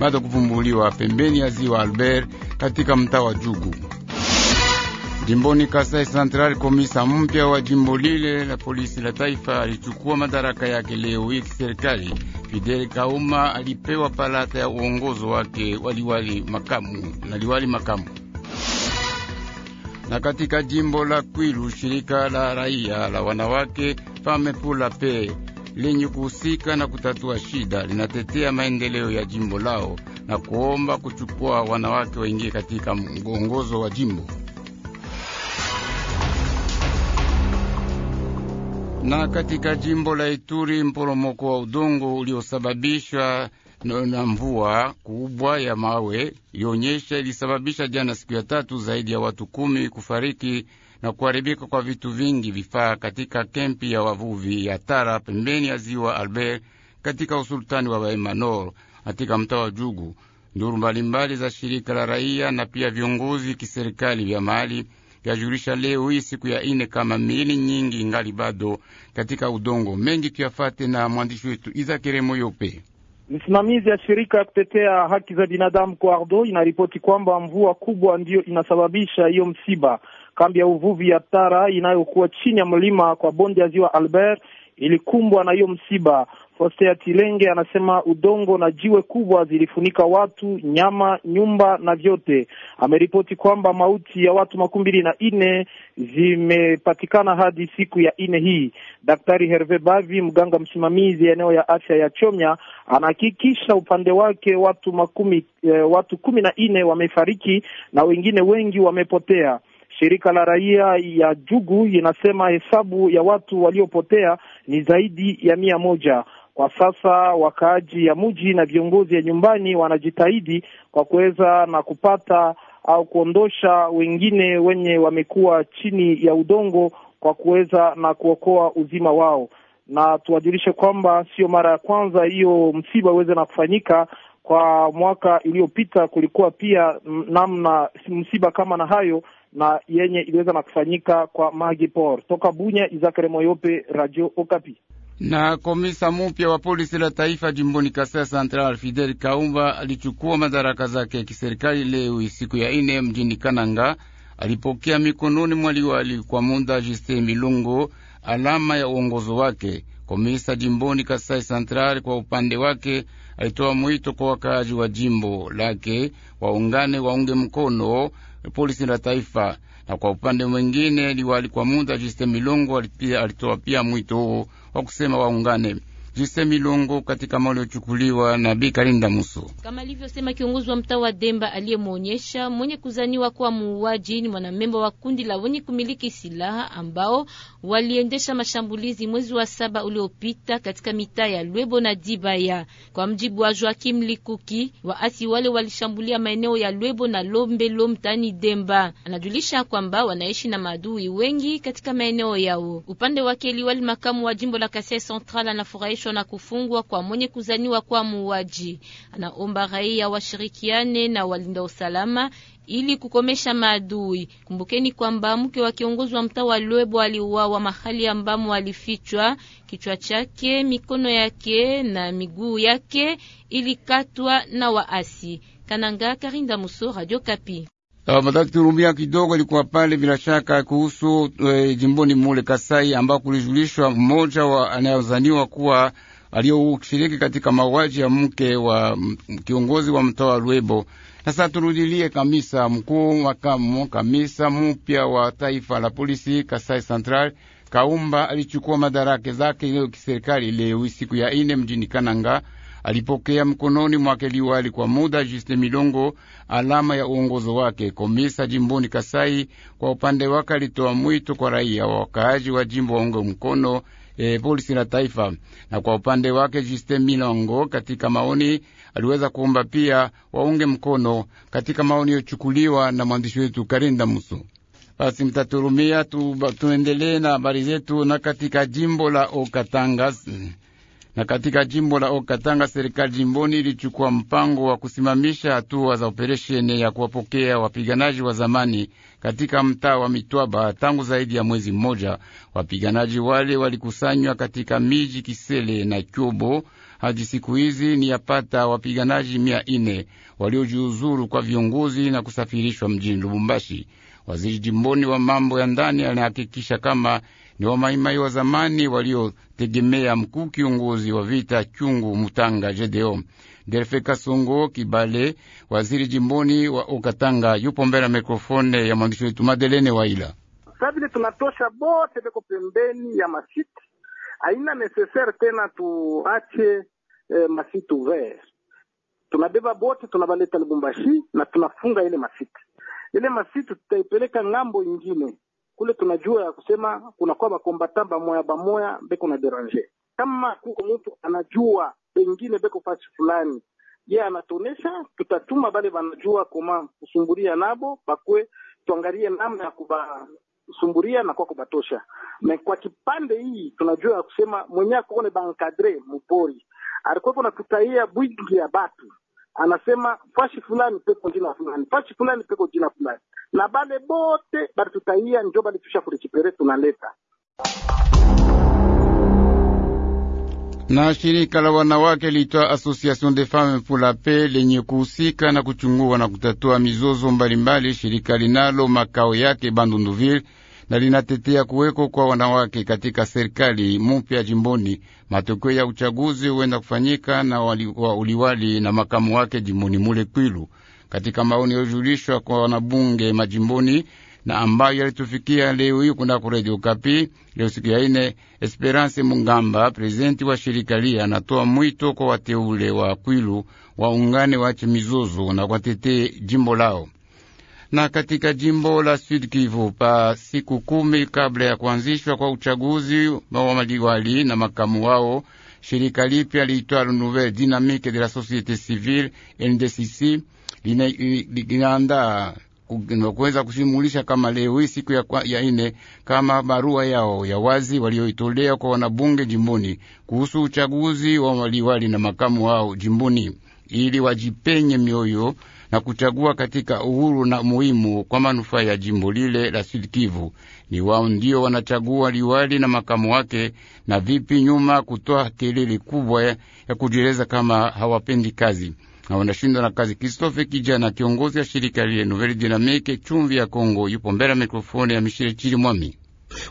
baada ya kuvumbuliwa pembeni ya ziwa Albert katika mtaa wa Jugu. Jimboni Kasai Central, komisa mpya wa jimbo lile la polisi la taifa alichukua madaraka yake leo hii kiserikali. Fidel Kauma alipewa palata ya uongozo wake waliwali makamu na liwali makamu. Na katika jimbo la Kwilu, shirika la raia la wanawake pamepula pe lenye kuhusika na kutatua shida linatetea maendeleo ya jimbo lao na kuomba kuchukua wanawake waingie katika mgongozo wa jimbo. Na katika jimbo la Ituri mporomoko wa udongo uliosababishwa na mvua kubwa ya mawe ilionyesha ilisababisha jana siku ya tatu zaidi ya watu kumi kufariki na kuharibika kwa vitu vingi vifaa katika kempi ya wavuvi ya Tara pembeni ya ziwa Albert katika usultani wa Baimanor katika mtaa wa Jugu. Nduru mbalimbali za shirika la raia na pia viongozi kiserikali vya mali vyajulisha leo hii siku ya ine kama miili nyingi ingali bado katika udongo. Mengi tuyafate na mwandishi wetu Izakeremo Yope. Msimamizi ya shirika ya kutetea haki za binadamu ardo inaripoti kwamba mvua kubwa ndiyo inasababisha hiyo msiba. Kambi ya uvuvi ya Tara inayokuwa chini ya mlima kwa bonde ya ziwa Albert ilikumbwa na hiyo msiba. Foster Tilenge anasema udongo na jiwe kubwa zilifunika watu, nyama, nyumba na vyote. Ameripoti kwamba mauti ya watu makumi mbili na nne zimepatikana hadi siku ya nne hii. Daktari Herve Bavi, mganga msimamizi eneo ya afya ya Chomya, anahakikisha upande wake watu makumi, eh, watu kumi na nne wamefariki na wengine wengi wamepotea. Shirika la raia ya Jugu inasema hesabu ya watu waliopotea ni zaidi ya mia moja. Kwa sasa wakaaji ya mji na viongozi ya nyumbani wanajitahidi kwa kuweza na kupata au kuondosha wengine wenye wamekuwa chini ya udongo kwa kuweza na kuokoa uzima wao, na tuwajulishe kwamba sio mara ya kwanza hiyo msiba uweze na kufanyika. Kwa mwaka iliyopita kulikuwa pia namna msiba kama na hayo na yenye iliweza na kufanyika kwa Por toka Bunya. Izakare Moyope, Radio Okapi. Na komisa mupya wa polisi la taifa jimboni Kasai Central Fidel Kaumba alichukua madaraka zake kiserikali leo siku ya ine mjini Kananga. Alipokea mikononi mwaliwali kwa muda Justin Milungo alama ya uongozo wake. Komisa jimboni Kasai Central kwa upande wake alitoa mwito kwa wakaaji wa jimbo lake waungane, waunge mkono polisi la taifa. Na kwa upande mwingine, liwali kwa muda Juste Milongo alitoa pia mwito huo wa kusema waungane Justin Milongo katika maoni yochukuliwa na Bi Muso, kama alivyosema kiongozi wa mtaa wa Demba aliyemwonyesha mwenye kuzaniwa kuwa muuaji ni mwanamemba wa kundi la wenye kumiliki silaha ambao waliendesha mashambulizi mwezi wa saba uliopita katika mitaa ya Lwebo na Dibaya. Kwa mjibu wa Joakim Likuki, waasi wale walishambulia maeneo ya Lwebo na Lombelo mtaani Demba. Anajulisha kwamba wanaishi na maadui wengi katika maeneo yao. Upande wake liwali makamu wa jimbo la Kasai Central anafurahisha kuhusishwa na kufungwa kwa mwenye kuzaniwa kwa muuaji. Anaomba raia washirikiane na walinda usalama ili kukomesha maadui. Kumbukeni kwamba mke wa kiongozi wa mtaa wa Lwebo aliuawa mahali ambamo alifichwa. Kichwa chake, mikono yake na miguu yake ilikatwa na waasi. Kananga Karinda Muso, Radio Kapi. Tafadhali turumbia kidogo, ilikuwa pale bila shaka kuhusu e, jimboni mule Kasai ambao kulijulishwa mmoja wa anayozaniwa kuwa aliyoshiriki katika mauaji ya mke wa mm, kiongozi wa mtaa wa Lwebo. Sasa turudilie kamisa mkuu makamu kamisa mupya wa taifa la polisi Kasai Central Kaumba alichukua madaraka zake leo kiserikali leo siku ya ine mjini Kananga alipokea mkononi mwake liwali kwa muda Juste Milongo, alama ya uongozo wake. Komisa jimboni Kasai kwa upande wake alitoa mwito kwa raia wa wakaaji wa jimbo waunge mkono E, polisi la taifa. Na kwa upande wake Juste Milongo katika maoni aliweza kuomba pia waunge mkono katika maoni yochukuliwa na mwandishi wetu Karinda Muso. Basi mtaturumia tu, tuendelee na habari zetu. Na katika jimbo la Okatanga na katika jimbo la Okatanga, serikali jimboni ilichukua mpango wa kusimamisha hatua za operesheni ya kuwapokea wapiganaji wa zamani katika mtaa wa Mitwaba tangu zaidi ya mwezi mmoja. Wapiganaji wale walikusanywa katika miji Kisele na Kyobo hadi siku hizi ni yapata wapiganaji mia ine waliojiuzuru kwa viongozi na kusafirishwa mjini Lubumbashi. Waziri jimboni wa mambo ya ndani anahakikisha kama ni wamaimai wa zamani waliotegemea mkuu kiongozi wa vita chungu Mutanga Jedeo Delfe Kasongo Kibale. Waziri jimboni wa Okatanga yupo mbele ya mikrofone ya mwandishi wetu Madelene Waila. Saa vile tunatosha bote beko pembeni ya mashiti, haina nesesere tena tuache eh, masitu vert. Tunabeba bote tunabaleta Lubumbashi na tunafunga ile masitu. Ile masitu tutaipeleka ngambo ingine kule, tunajua ya kusema kunakuwa bakombata bamoya bamoya beko na deranger. Kama kuko mtu anajua pengine beko fasi fulani ye yeah, anatonesha, tutatuma bale banajua koma kusumbulia nabo bakwe, tuangalie namna ya kuba sumburia na kwa kubatosha. Na kwa kipande hii tunajua ya kusema mwenye akone bankadre mupori alikuwa na kutahia bwingi ya batu, anasema fashi fulani peko jina fulani, fashi fulani peko jina fulani, na bale bote balitutaia njo balitusha kulichipere tunaleta na shirika la wanawake liitwa Association des Femmes pour la Paix lenye kuhusika na kuchungua na kutatua mizozo mbalimbali, shirika linalo makao yake Bandunduville na linatetea kuweko kwa wanawake katika serikali mupya jimboni. Matokeo ya uchaguzi huenda kufanyika na wali, wa uliwali na makamu wake jimboni mule Kwilu. Katika maoni yaliyojulishwa kwa wanabunge majimboni na ambayo yalitufikia leo hii kunako Radio Kapi leo siku ya ine, Esperance Mungamba, prezidenti wa shirika lia, anatoa mwito kwa wateule wa Kwilu waungane, wache mizozo na kwatetee jimbo lao na katika jimbo la Sud Kivu pa siku kumi kabla ya kuanzishwa kwa uchaguzi wa madiwali na makamu wao, shirika lipya liitwalo Nouvelle Dynamique de la Société Civile NDCC linaandaa kuweza kusimulisha kama leo hii siku ya, ya ine kama barua yao ya wazi walioitolea kwa wanabunge jimboni kuhusu uchaguzi wa waliwali na makamu wao jimboni, ili wajipenye mioyo na kuchagua katika uhuru na muhimu kwa manufaa ya jimbo lile la Sud-Kivu. Ni wao ndio wanachagua liwali na makamu wake, na vipi nyuma kutoa kelele kubwa ya kujieleza kama hawapendi kazi na wanashindwa na kazi. Kristofe Kijana, kiongozi ya shirika lile Nouvelle Dynamique chumvi ya Kongo, yupo mbele ya mikrofoni ya Mishile Chili Mwami.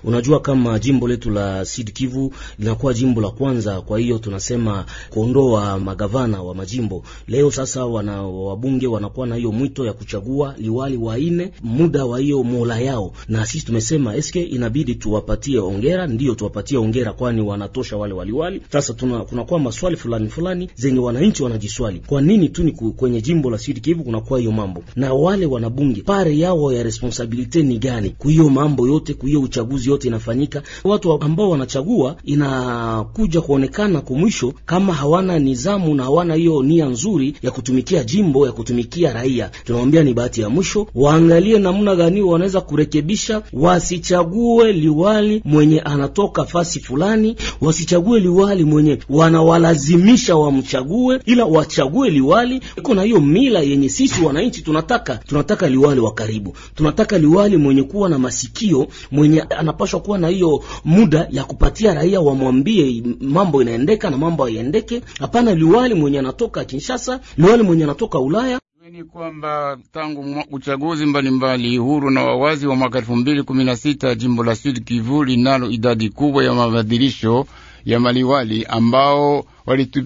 Unajua kama jimbo letu la Sud Kivu linakuwa jimbo la kwanza, kwa hiyo tunasema kuondoa magavana wa majimbo. Leo sasa wana wabunge wanakuwa na hiyo mwito ya kuchagua liwali waine muda wa hiyo mola yao, na sisi tumesema eske inabidi tuwapatie ongera, ndio tuwapatie ongera, kwani wanatosha wale waliwali. Sasa tuna kunakuwa maswali fulani fulani zenye wananchi wanajiswali, kwa nini tu ni kwenye jimbo la Sud Kivu kunakuwa hiyo mambo, na wale wanabunge pare yao ya responsabilite ni gani kuhiyo mambo yote, kuhiyo uchaguzi uchaguzi yote inafanyika, watu ambao wanachagua inakuja kuonekana kumwisho kama hawana nizamu na hawana hiyo nia nzuri ya kutumikia jimbo ya kutumikia raia. Tunawambia ni bahati ya mwisho, waangalie namna gani wanaweza kurekebisha, wasichague liwali mwenye anatoka fasi fulani, wasichague liwali mwenye wanawalazimisha wamchague, ila wachague liwali iko na hiyo mila yenye sisi wananchi tunataka. Tunataka liwali wa karibu, tunataka liwali mwenye kuwa na masikio, mwenye anapashwa kuwa na hiyo muda ya kupatia raia wamwambie mambo inaendeka na mambo haiendeke. Hapana liwali mwenye anatoka Kinshasa, liwali mwenye anatoka Ulaya ni kwamba tangu uchaguzi mbalimbali huru na wawazi wa mwaka elfu mbili kumi na sita jimbo la Sud Kivu linalo idadi kubwa ya mabadilisho ya maliwali ambao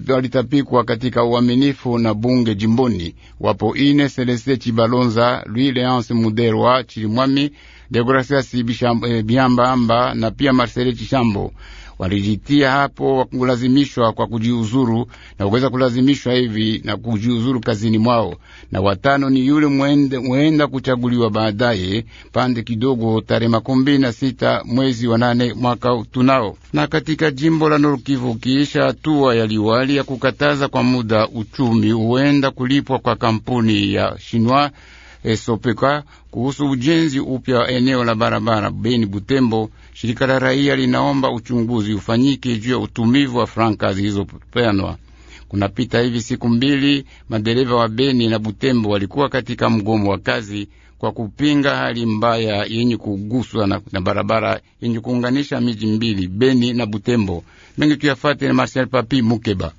walitapikwa katika uaminifu na bunge jimboni. Wapo ine Selese Chibalonza, Lui Leanse Muderwa Chilimwami, Deogracias eh, Biamba na pia Marcele Chishambo walijitia hapo wakulazimishwa kwa kujiuzuru na kuweza kulazimishwa hivi na kujiuzuru kazini mwao. Na watano ni yule mwenda, mwenda kuchaguliwa baadaye pande kidogo tarehe makumi mbili na sita mwezi wa nane mwaka tunao. Na katika jimbo la Norkivu, kiisha hatua ya liwali ya kukataza kwa muda uchumi huenda kulipwa kwa kampuni ya Shinwa Esopeka kuhusu ujenzi upya wa eneo la barabara Beni Butembo. Shirika la raia linaomba uchunguzi ufanyike juu ya utumivu wa franka zilizopeanwa. Kunapita hivi siku mbili, madereva wa Beni na Butembo walikuwa katika mgomo wa kazi kwa kupinga hali mbaya yenye kuguswa na, na barabara yenye kuunganisha miji mbili Beni na Butembo. Mengi tuyafate na Marcel Papi Mukeba.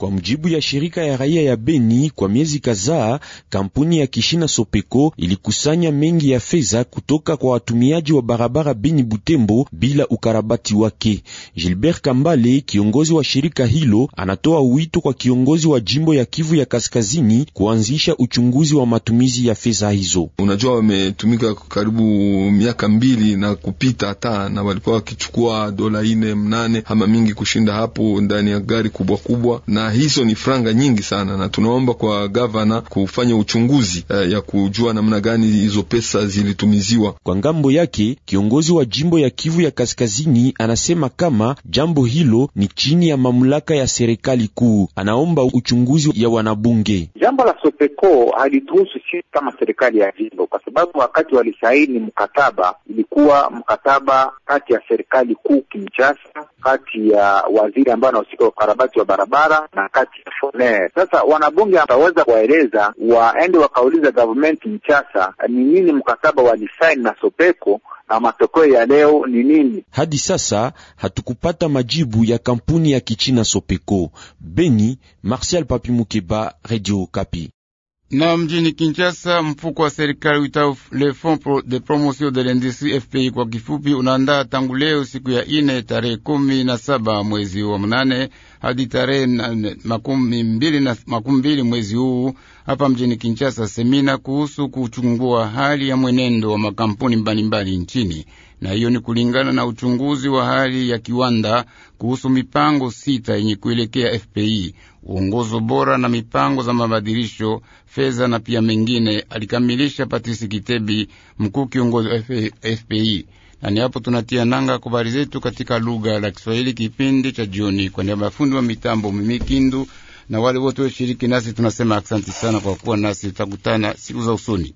Kwa mjibu ya shirika ya raia ya Beni, kwa miezi kadhaa kampuni ya Kishina Sopeko ilikusanya mengi ya fedha kutoka kwa watumiaji wa barabara Beni Butembo bila ukarabati wake. Gilbert Kambale, kiongozi wa shirika hilo, anatoa wito kwa kiongozi wa jimbo ya Kivu ya Kaskazini kuanzisha uchunguzi wa matumizi ya fedha hizo. Unajua, wametumika karibu miaka mbili na kupita hata na walikuwa wakichukua dola ine mnane ama mingi kushinda hapo ndani ya gari kubwa kubwa na hizo ni franga nyingi sana, na tunaomba kwa gavana kufanya uchunguzi uh, ya kujua namna gani hizo pesa zilitumiziwa. Kwa ngambo yake, kiongozi wa jimbo ya Kivu ya Kaskazini anasema kama jambo hilo ni chini ya mamlaka ya serikali kuu, anaomba uchunguzi ya wanabunge. Jambo la Sopeko halituhusu sisi kama serikali ya jimbo, kwa sababu wakati walisaini mkataba ilikuwa mkataba kati ya serikali kuu Kinshasa kati ya waziri ambayo anahusika kwa ukarabati wa barabara na kati ya Foner. Sasa wanabunge wataweza kuwaeleza, waende wakauliza government Mchasa ni nini mkataba walisaini na Sopeko na matokeo ya leo ni nini? Hadi sasa hatukupata majibu ya kampuni ya Kichina Sopeko. Beni, Martial Papi Mukeba, Radio Kapi. Na mjini Kinshasa, mfuko wa serikali witao le Fonds de Promotion de l'Industrie FPI kwa kifupi, unaandaa tangu leo siku ya ine tarehe kumi na saba mwezi wa mnane hadi tarehe makumi mbili na makumi mbili mwezi huu hapa mjini Kinshasa semina kuhusu kuchungua hali ya mwenendo wa makampuni mbalimbali nchini na hiyo ni kulingana na uchunguzi wa hali ya kiwanda kuhusu mipango sita yenye kuelekea FPI, uongozo bora na mipango za mabadilisho fedha na pia mengine, alikamilisha Patrisi Kitebi, mkuu kiongozi wa FPI. Na ni hapo tunatia nanga habari zetu katika lugha la Kiswahili kipindi cha jioni. Kwa niaba ya fundi wa mitambo Mimi Kindu na wale wote weshiriki nasi tunasema asanti sana kwa kuwa nasi, tutakutana siku za usoni.